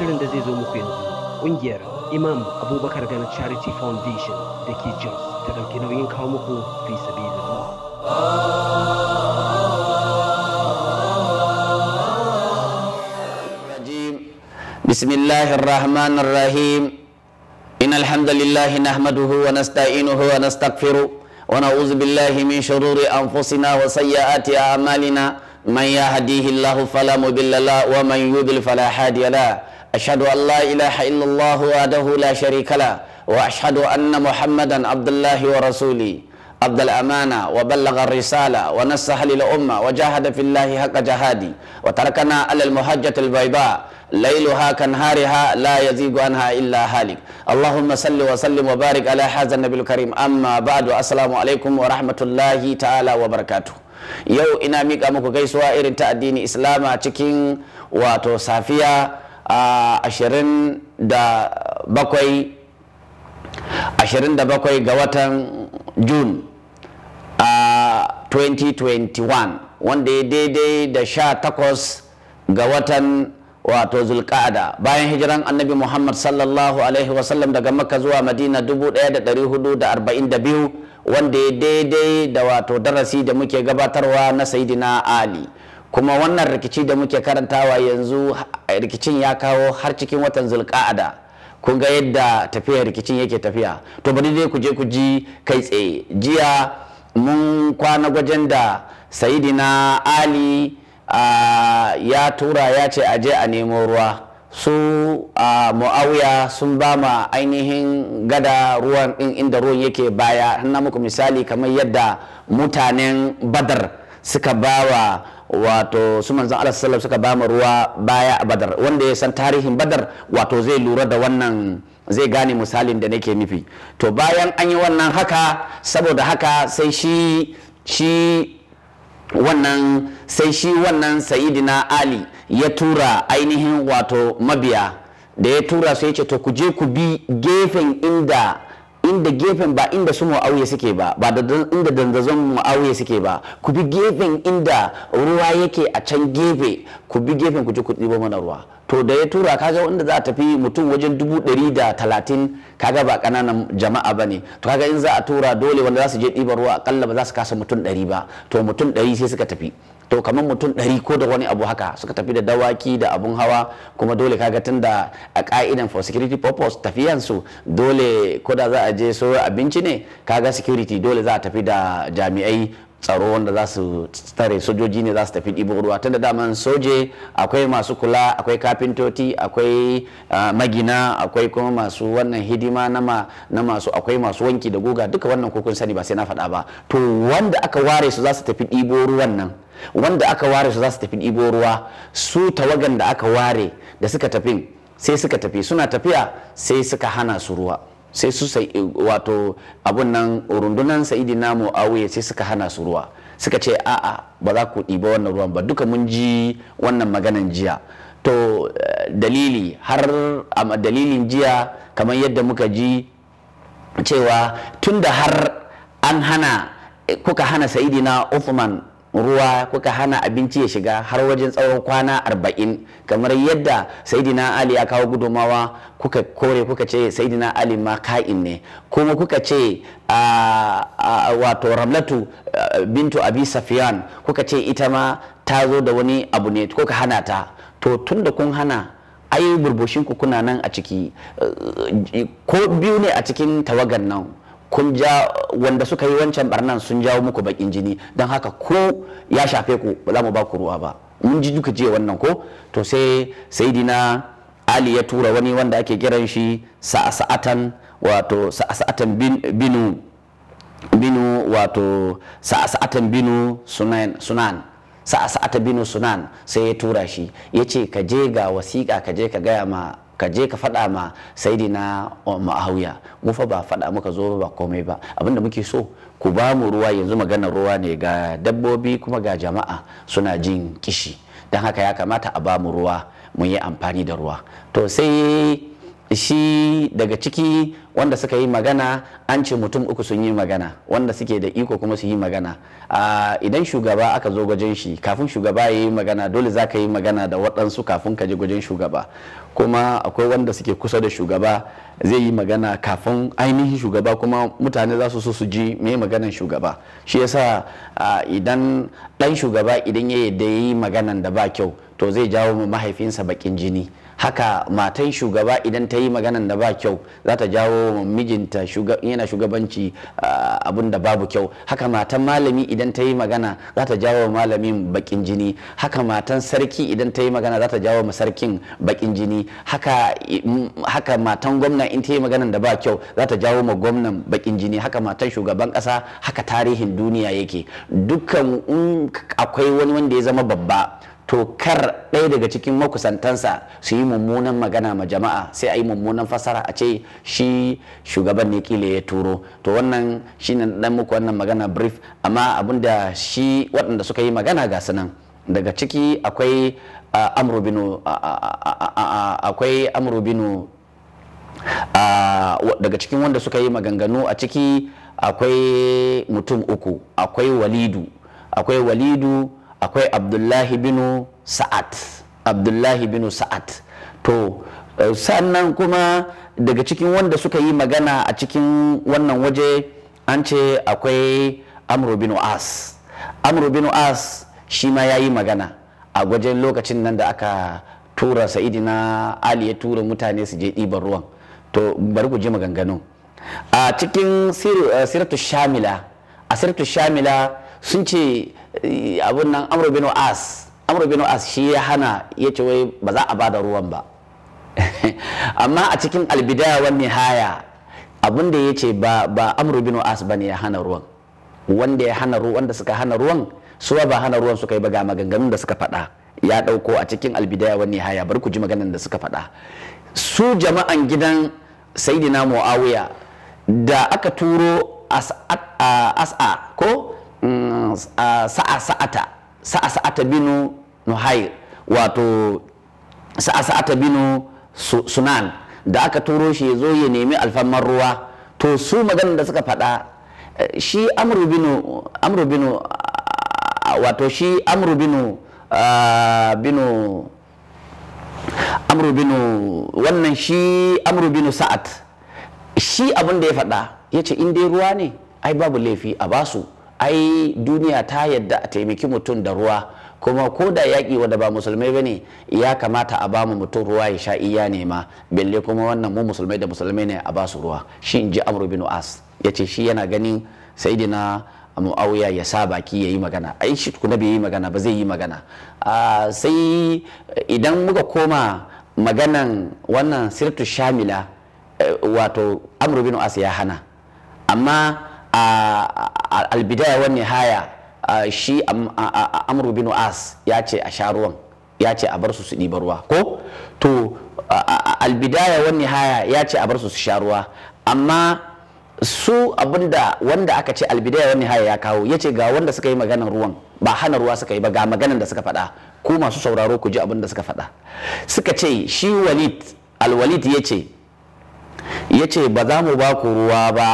shirin da zai zo muku yanzu kungiyar imam abubakar gana charity foundation da ke jos ta dauki nauyin kawo muku fi sabi بسم الله الرحمن الرحيم إن الحمد لله نحمده ونستعينه ونستغفره ونعوذ بالله من شرور أنفسنا وسيئات أعمالنا من يهديه الله فلا مضل له ومن يضلل فلا هادي له أشهد أن لا إله إلا الله وحده لا شريك له وأشهد أن محمدا عبد الله ورسوله أبدى الأمانة وبلغ الرسالة ونصح للأمة وجاهد في الله حق جهادي وتركنا على المحجة البيضاء ليلها كنهارها لا يزيغ عنها إلا هالك اللهم صل وسلم وبارك على هذا النبي الكريم أما بعد السلام عليكم ورحمة الله تعالى وبركاته yau ina miƙa muku gaisuwa irin ta addini islama cikin wato safiya ashirin da bakwai ga watan june a 2021 wanda ya daidai da sha takwas ga watan wato zulkada bayan hijiran annabi muhammad sallallahu alaihi wasallam daga makka zuwa madina 1442 wanda ya daidai da wato darasi da muke gabatarwa na sayidina ali kuma wannan rikici da muke karantawa yanzu rikicin ya kawo har cikin watan zulka'ada kun ga yadda tafiyar rikicin yake tafiya to bari dai ku je ku ji kai tsaye jiya mun kwana gwajen da sayidina ali ya tura ya ce a je a nemo ruwa su a mu'awiya sun ba ma ainihin gada ruwan din inda ruwan yake baya na muku misali kamar yadda mutanen badar suka ba wa wato su manzan Allah sallallahu suka ba mu ruwa baya a Badar wanda ya san tarihin Badar wato zai lura da wannan zai gane misalin da nake nufi to bayan an yi wannan haka saboda haka sai shi shi wannan sai shi wannan Ali ya tura ainihin wato mabiya da ya tura sai ya ce to ku je ku bi gefen inda inda gefen ba inda su mu'awiya suke ba ba da inda dandazon mu'awiya suke ba ku bi gefen inda ruwa yake a can gefe ku bi gefen ku ji ku ɗibo mana ruwa to da ya tura kaga wanda za a tafi mutum wajen dubu ɗari da talatin kaga ba ƙananan jama'a ba ne to kaga in za a tura dole wanda za su je ɗiba ruwa akalla ba za su kasa mutum ɗari ba to mutum ɗari sai suka tafi to kamar mutum ɗari ko da wani abu haka suka tafi da dawaki da abun hawa kuma dole kaga tun da a ka'idan for security purpose tafiyansu dole ko da za a je so abinci ne kaga security dole za a tafi da jami'ai tsaro wanda za su tare sojoji ne za su tafi ɗibo ruwa tunda daman soje akwai masu kula akwai kafintoti akwai magina akwai kuma masu wannan hidima na masu akwai masu wanki da guga duka wannan kukun sani ba sai na faɗa ba to wanda aka ware su za su tafi ɗibo ruwan nan wanda aka ware su za su tafi ɗibo ruwa su tawagan da aka ware da suka tafi sai suka tafi suna tafiya sai suka hana su ruwa sai su sai wato abun nan rundunan sa'idi na mu'awiya sai suka hana su ruwa suka ce a'a ba za ku ɗiba wannan ruwan ba duka mun ji wannan maganan jiya to dalili har a dalilin jiya kamar yadda muka ji cewa tunda har an hana kuka hana sa'idina Uthman ruwa kuka hana abinci ya shiga har wajen tsawon kwana arba'in kamar yadda saidina ali ya kawo gudumawa kuka kore kuka ce saidina ali ma ka'in ne kuma kuka ce wato ramlatu bintu abi safiyan kuka ce ita ma ta zo da wani abu ne kuka hana ta to tunda kun hana ai burbushinku kuna nan a ciki ko biyu ne a cikin tawagan nan kun ja wanda suka yi wancan barnan sun jawo muku bakin jini don haka ko ya shafe ku ba za mu ba ku ruwa ba mun ji duka je wannan ko to sai saidina ali ya tura wani wanda ake kiran shi sa'asa'atan wato sa'asa'atan binu binu wato sa'asa'atan binu sunan sunan sa'asa'atan binu sunan sai ya tura shi ya ce ka je ga wasiƙa ka je ka gaya ma ka je ka faɗa ma saidina ma'awiya mu fa ba faɗa muka zo ba komai ba abinda muke so ku ba mu ruwa yanzu maganar ruwa ne ga dabbobi kuma ga jama'a suna jin kishi don haka ya kamata a ba mu ruwa mun yi amfani da ruwa to sai shi daga ciki wanda suka yi magana an ce mutum uku sun yi magana wanda suke da iko kuma su yi magana idan shugaba aka zo gwajin shi kafin shugaba ya yi magana dole za ka yi magana da waɗansu kafin ka je gwajin shugaba kuma akwai wanda suke kusa da shugaba zai yi magana kafin ainihin shugaba kuma mutane za su so su ji me maganan shugaba shi yasa idan ɗan shugaba idan ya yi maganan da ba kyau to zai jawo mahaifinsa baƙin jini haka matan shugaba idan ta yi maganan da ba kyau za ta jawo mijinta yana shugabanci ah, abun da babu kyau haka matan malami idan ta yi magana za ta jawo malamin bakin jini haka matan sarki idan ta yi magana za ta jawo sarkin bakin jini mm, haka matan gwamna in ta yi maganan da ba kyau za ta jawo ma gwamnan bakin jini haka matan shugaban kasa haka tarihin duniya yake dukkan akwai wani wanda ya zama babba to kar ɗaya daga cikin makusantansa su yi mummunan magana ma jama'a sai a yi mummunan fasara a ce shi shugaban ne kila ya turo to wannan shi ne dan muku wannan magana brief amma da shi waɗanda suka yi magana ga sunan daga ciki akwai amrubinu daga cikin wanda suka yi maganganu a ciki akwai mutum uku akwai walidu akwai walidu akwai abdullahi binu sa'ad abdullahi binu sa'ad to eh, sannan kuma daga cikin wanda suka yi magana a cikin wannan waje an ce akwai amru binu as amru binu as shi ma ya yi magana a wajen lokacin nan da aka tura sa'idina ali ya tura mutane su je ɗiban ruwan to bari ku je maganganu a cikin Sirtu eh, shamila a Sirtu shamila sun ce eh, abin nan amro bin as amro bin as shi ya hana ya ce wai ba za a bada ruwan ba amma a cikin albidaya wani haya abin da ya ce ba ba amro bin as bane ya hana ruwan wanda ya hana ruwan da suka hana ruwan su ba hana ruwan suka yi ba ga maganganun da suka faɗa ya ɗauko a cikin albidaya wani haya bari ku ji maganan da suka faɗa su jama'an gidan sayidina muawiya da aka turo as'a ko sa'a sa'ata binu nuhai wato sa'a sa'ata binu sunan da aka turo shi zo ya nemi alfamar ruwa to su maganin da suka faɗa eh, shi amru binu amru binu wato shi amru binu binu amru binu wannan shi amru binu sa'at shi abin da ya faɗa ya ce in dai ruwa ne ai babu laifi a basu ai duniya ta yadda a taimaki mutum da ruwa kuma ko da yaƙi wanda ba musulmai bane ya kamata a ba mu mutum ruwa ya sha iya nema belle kuma wannan mu musulmai da musulmai ne a ba su ruwa shi in ji amru bin as ya ce shi yana ganin sayidina mu'awiya ya sa baki ya yi magana ai shi tukuna bai yi magana ba zai yi magana sai idan muka koma maganan wannan sirtu shamila eh, wato amru bin as ya hana amma a albidaya wani haya shi amru bin as ya ce a sha ruwan ya ce a bar su su ɗiba ruwa ko to albidaya wani haya ya ce a bar su su sha ruwa amma su abinda wanda aka ce albidaya wani haya ya kawo ya ce ga wanda suka yi maganar ruwan ba hana ruwa suka yi ba ga maganar da suka faɗa ko masu sauraro ku ji abin da suka faɗa suka ce shi walid alwalid ya ce ya ce ba za mu ba ku ruwa ba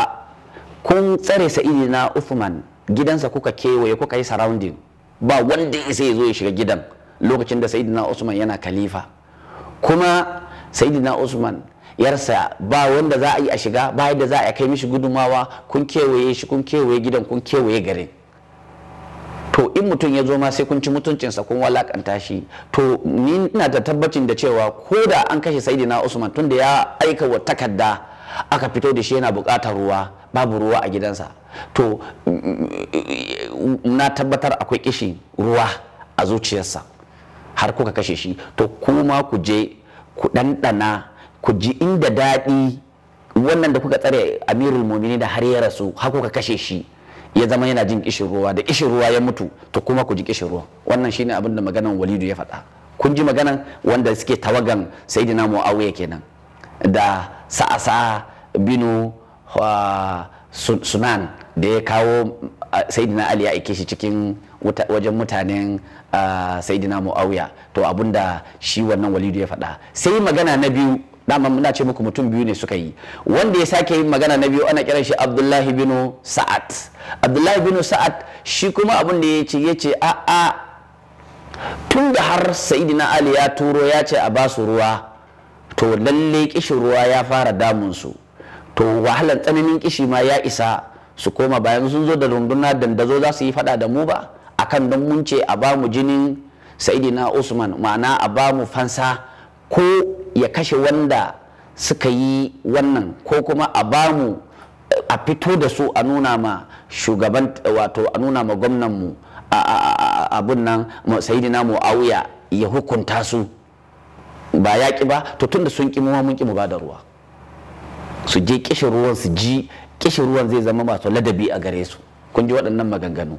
kun tsare sa'idi na Uthman gidansa kuka kewaye kuka yi surrounding ba wanda ya zo ya shiga gidan lokacin da sayyidina Uthman yana kalifa. kuma sayyidina Uthman yarsa ba wanda za a yi a shiga ba yadda za a kai mishi gudunmawa kun kewaye shi kun kewaye gidan kun kewaye garin to in mutum ya zo ma sai kun ci mutuncinsa kun walakanta shi to ni ina da tabbacin da cewa ko da an kashe sayyidina Usman tunda ya aika wa takarda aka fito da shi yana buƙatar ruwa babu ruwa a gidansa to na tabbatar akwai kishin ruwa a zuciyarsa har kuka kashe shi to kuma ku je ku ɗanɗana ku ji inda daɗi wannan da kuka tsare amirul mumini da har ya rasu har kuka kashe shi ya zama yana jin kishin ruwa da kishin ruwa ya mutu to kuma ku ji kishin ruwa wannan shine abin da maganan walidu ya faɗa kun ji maganan wanda suke tawagan sayyidina muawiya kenan da sa'asa binu sunan da ya kawo saidina ali ya aike shi cikin wajen mutanen saidina muawiya to abinda shi wannan walidu ya faɗa sai magana na biyu dama muna ce muku mutum biyu ne suka yi wanda ya sake yin magana na biyu ana kiran shi abdullahi bin sa'ad abdullahi Binu sa'ad shi kuma abin da ya ce ya ce a tun da har saidina ali ya turo ya ce a basu ruwa to lalle kishin ruwa ya fara damunsu to wahalar tsananin kishi ma ya isa su koma bayan sun zo da runduna dandazo za su yi fada da mu ba akan don mun ce a ba mu jinin sa'idina usman ma'ana a ba mu fansa ko ya kashe wanda suka yi wannan ko kuma a ba mu a fito da su a nuna ma shugaban wato a nuna ma gwamnan mu abun nan sayidina mu'awiya ya hukunta su ba ya ki ba to tunda sun ki mu mun ki mu ba da ruwa su je kishin ruwan su ji kishin ruwan zai zama masu ladabi a gare su kun ji waɗannan maganganu